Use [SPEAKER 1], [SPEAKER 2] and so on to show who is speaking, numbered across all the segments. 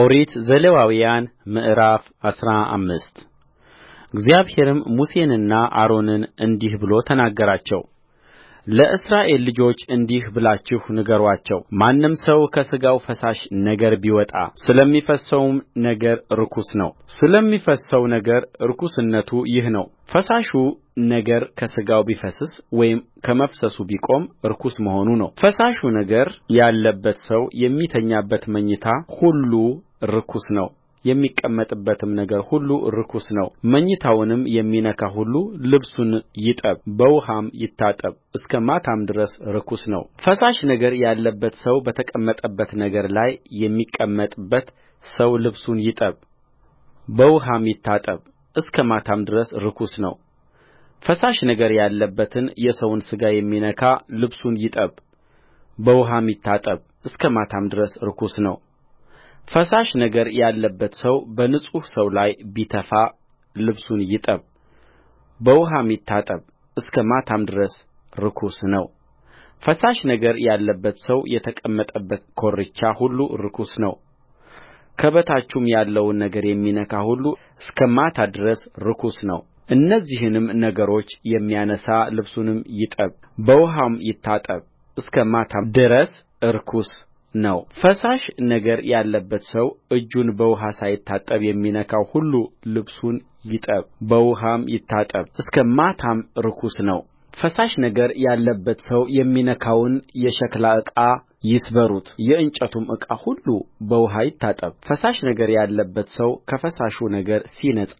[SPEAKER 1] ኦሪት ዘሌዋውያን ምዕራፍ አስራ አምስት እግዚአብሔርም ሙሴንና አሮንን እንዲህ ብሎ ተናገራቸው። ለእስራኤል ልጆች እንዲህ ብላችሁ ንገሯቸው። ማንም ሰው ከሥጋው ፈሳሽ ነገር ቢወጣ ስለሚፈስሰውም ነገር ርኩስ ነው። ስለሚፈስሰው ነገር ርኩስነቱ ይህ ነው፣ ፈሳሹ ነገር ከሥጋው ቢፈስስ ወይም ከመፍሰሱ ቢቆም ርኩስ መሆኑ ነው። ፈሳሹ ነገር ያለበት ሰው የሚተኛበት መኝታ ሁሉ ርኩስ ነው የሚቀመጥበትም ነገር ሁሉ ርኩስ ነውመኝታውንም የሚነካ ሁሉ ልብሱን ይጠብ በውኃም ይታጠብ እስከ ማታም ድረስ ርኩስ ነውፈሳሽ ነገር ያለበት ሰው በተቀመጠበት ነገር ላይ የሚቀመጥበት ሰው ልብሱን ይጠብ በውኃም ይታጠብ እስከ ማታም ድረስ ርኩስ ነውፈሳሽ ነገር ያለበትን የሰውን ሥጋ የሚነካ ልብሱን ይጠብ በውኃም ይታጠብ እስከ ማታም ድረስ ርኩስ ነው ፈሳሽ ነገር ያለበት ሰው በንጹሕ ሰው ላይ ቢተፋ ልብሱን ይጠብ በውኃም ይታጠብ እስከ ማታም ድረስ ርኩስ ነውፈሳሽ ነገር ያለበት ሰው የተቀመጠበት ኮርቻ ሁሉ ርኩስ ነው ከበታቹም ያለውን ነገር የሚነካ ሁሉ እስከ ማታ ድረስ ርኩስ ነውእነዚህንም ነገሮች የሚያነሣ ልብሱንም ይጠብ በውኃም ይታጠብ እስከ ማታም ድረስ ርኩስ ነውፈሳሽ ነገር ያለበት ሰው እጁን በውኃ ሳይታጠብ የሚነካው ሁሉ ልብሱን ይጠብ በውኃም ይታጠብ እስከ ማታም ርኩስ ነውፈሳሽ ነገር ያለበት ሰው የሚነካውን የሸክላ ዕቃ ይስበሩት የእንጨቱም ዕቃ ሁሉ በውኃ ይታጠብ ፈሳሽ ነገር ያለበት ሰው ከፈሳሹ ነገር ሲነጻ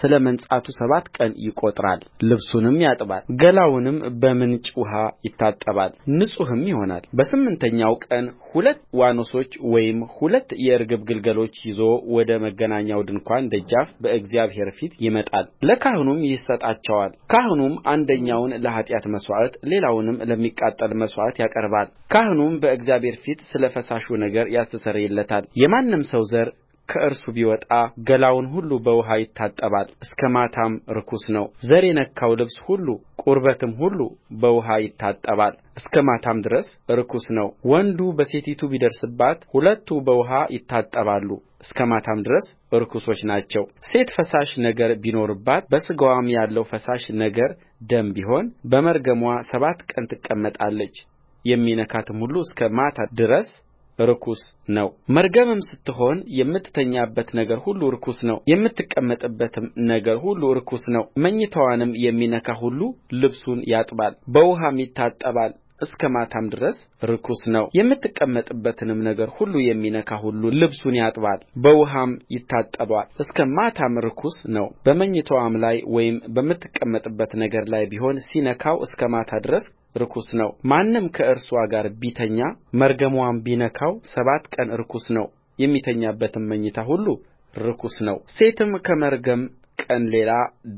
[SPEAKER 1] ስለ መንጻቱ ሰባት ቀን ይቈጥራል ልብሱንም ያጥባል ገላውንም በምንጭ ውኃ ይታጠባል ንጹሕም ይሆናልበስምንተኛው ቀን ሁለት ዋኖሶች ወይም ሁለት የርግብ ግልገሎች ይዞ ወደ መገናኛው ድንኳን ደጃፍ በእግዚአብሔር ፊት ይመጣል ለካህኑም ካህኑም አንደኛውን ለኃጢአት መሥዋዕት ሌላውንም ለሚቃጠል መሥዋዕት ያቀርባል ካህኑም በእግዚአብሔር ፊት ስለ ፈሳሹ ነገር ያስተሰርይለታል የማንም ሰው ዘር ከእርሱ ቢወጣ ገላውን ሁሉ በውኃ ይታጠባል እስከ ማታም ርኩስ ነውዘር የነካው ልብስ ሁሉ ቁርበትም ሁሉ በውኃ ይታጠባል እስከ ማታም ድረስ ርኩስ ነውወንዱ በሴቲቱ ቢደርስባት ሁለቱ በውኃ ይታጠባሉ እስከ ማታም ድረስ ርኩሶች ናቸውሴት ፈሳሽ ነገር ቢኖርባት በሥጋዋም ያለው ፈሳሽ ነገር ደም ቢሆን በመርገምዋ ሰባት ቀን ትቀመጣለች የሚነካትም ሁሉ እስከ ማታ ድረስ ርኩስ ነውመርገምም ስትሆን የምትተኛበት ነገር ሁሉ ርኩስ ነው የምትቀመጥበትም ነገር ሁሉ ርኩስ መኝታዋንም የሚነካ ሁሉ ልብሱን ያጥባል በውኃም ይታጠባል እስከ ማታም ድረስ ርኩስ ነውየምትቀመጥበትንም ነገር ሁሉ የሚነካ ሁሉ ልብሱን ያጥባል በውኃም ይታጠባል እስከ ማታም ርኩስ ነውበመኝታዋም ላይ ወይም በምትቀመጥበት ነገር ላይ ቢሆን ሲነካው እስከ ማታ ድረስ ርኩስ ነውማንም ከእርስዋ ጋር ቢተኛ መርገምዋም ቢነካው ሰባት ቀን ርኩስ ነው የሚተኛበትም መኝታ ሁሉ ርኩስ ነውሴትም ከመርገም ቀን ሌላ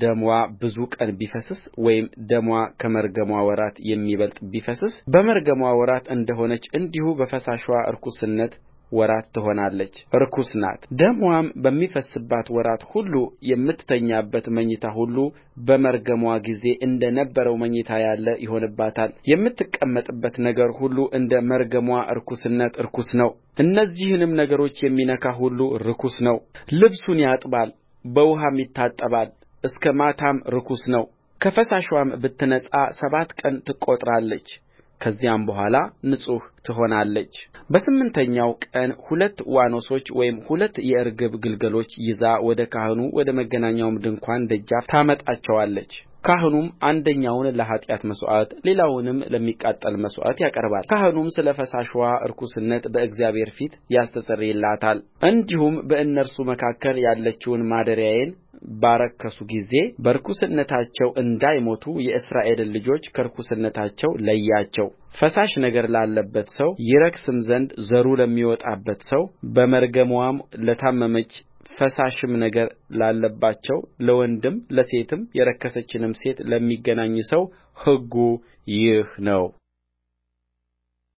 [SPEAKER 1] ደምዋ ብዙ ቀን ቢፈስስ ወይም ደምዋ ከመርገምዋ ወራት የሚበልጥ ቢፈስስ በመርገምዋ ወራት እንደ ሆነች እንዲሁ በፈሳሽዋ ርኵስነት ወራት ትሆናለች ርኩስ ናትደምዋም በሚፈስስበት ወራት ሁሉ የምትተኛበት መኝታ ሁሉ በመርገምዋ ጊዜ እንደ ነበረው መኝታ ያለ ይሆንባታል የምትቀመጥበት ነገር ሁሉ እንደ መርገምዋ ርኵስነት ርኩስ እነዚህንም ነገሮች የሚነካ ሁሉ ርኩስ ነው ልብሱን ያጥባል በውኃም ይታጠባል እስከ ማታም ርኩስ ነው ከፈሳሽዋም ብትነጻ ሰባት ቀን ትቈጥራለች ከዚያም በኋላ ንጹሕ ትሆናለችበስምንተኛው ቀን ሁለት ዋኖሶች ወይም ሁለት የርግብ ግልገሎች ይዛ ወደ ካህኑ ወደ መገናኛው ድንኳን ደጃፍ ታመጣቸዋለች ካህኑም አንደኛውን ለኃጢአት መሥዋዕት ሌላውንም ለሚቃጠል መሥዋዕት ካህኑም ስለ ፈሳሽዋ ርኵስነት በእግዚአብሔር ፊት ያስተሰርይላታል እንዲሁም በእነርሱ መካከል ያለችውን ማደሪያዬን ባረከሱ ጊዜ በርኵስነታቸው እንዳይሞቱ የእስራኤልን ልጆች ከርኵስነታቸው ለያቸውፈሳሽ ነገር ላለበት ሰው ይረክስም ዘንድ ዘሩ ለሚወጣበት ሰው በመርገምዋም ለታመመች ፈሳሽም ነገር ላለባቸው ለወንድም ለሴትም የረከሰችንም ሴት ለሚገናኝ ሰው ሕጉ ይህ ነው